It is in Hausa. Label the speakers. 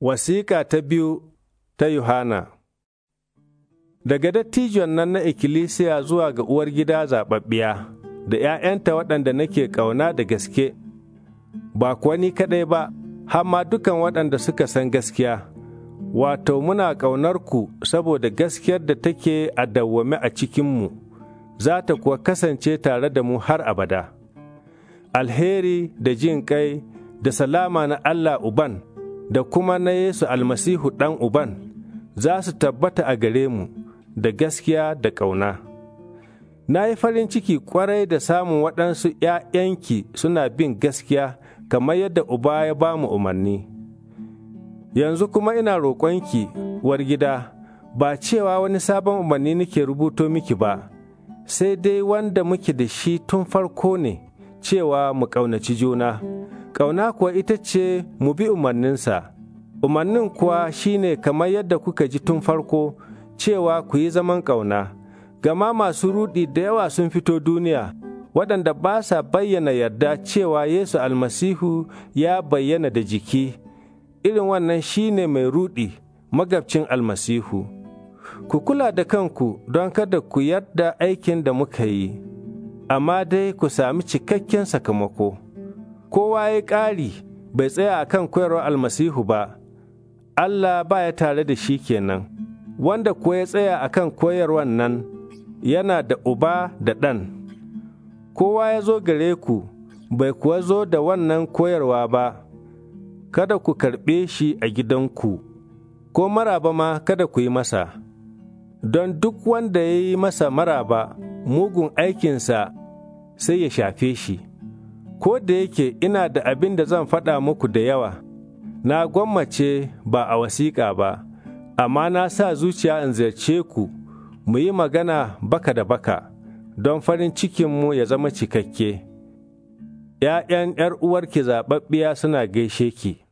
Speaker 1: Wasiƙa ta biyu ta Yohana Daga dattijon nan na ikkilisiya zuwa ga uwar gida zaɓaɓɓiya da ‘ya'yanta waɗanda nake ƙauna da gaske, ba kuwa ni kaɗai ba, hamma dukan waɗanda suka san gaskiya, wato muna ƙaunarku saboda gaskiyar da take a dawwame a cikinmu, za ta kuwa kasance tare da mu har abada. Alheri da jin kai da salama na Allah Uban. da kuma na Yesu almasihu ɗan Uban za su tabbata a gare mu da gaskiya da ƙauna. Na yi farin ciki ƙwarai da samun waɗansu ‘ya'yanki suna bin gaskiya kamar yadda Uba ya ba mu umarni. Yanzu kuma ina roƙonki, wargida, ba cewa wani sabon umarni nake rubuto miki ba, sai dai wanda muke da shi tun farko ne cewa mu ƙaunaci juna. ƙauna kuwa ita ce mu bi umarninsa, umarnin kuwa shine kamar yadda kuka ji tun farko cewa ku yi zaman ƙauna, gama masu ruɗi da yawa sun fito duniya. waɗanda ba sa bayyana yarda cewa Yesu almasihu ya bayyana da jiki, irin wannan shi ne mai ruɗi magabcin almasihu. Ku kula da kanku don kada ku yarda aikin da muka yi, amma dai ku sami cikakken sakamako. kowa ya ƙari bai tsaya a kan koyarwar almasihu ba, Allah ba ya tare da shi kenan, wanda ko ya tsaya a kan koyarwar nan yana da uba da ɗan. Kowa ya zo gare ku, bai kuwa zo da wannan koyarwa ba, kada ku karɓe shi a gidanku, ko maraba ma kada ku yi masa, don duk wanda ya yi masa maraba mugun aikinsa sai ya shafe shi. ko da yake ina da abin da zan faɗa muku da yawa, na gwammace ba a wasiƙa ba, amma na sa zuciya in ziyarce ku mu yi magana baka da baka, don farin cikinmu ya zama cikakke. ’Ya'yan ’yar uwarki zaɓaɓɓiya suna gaishe ki.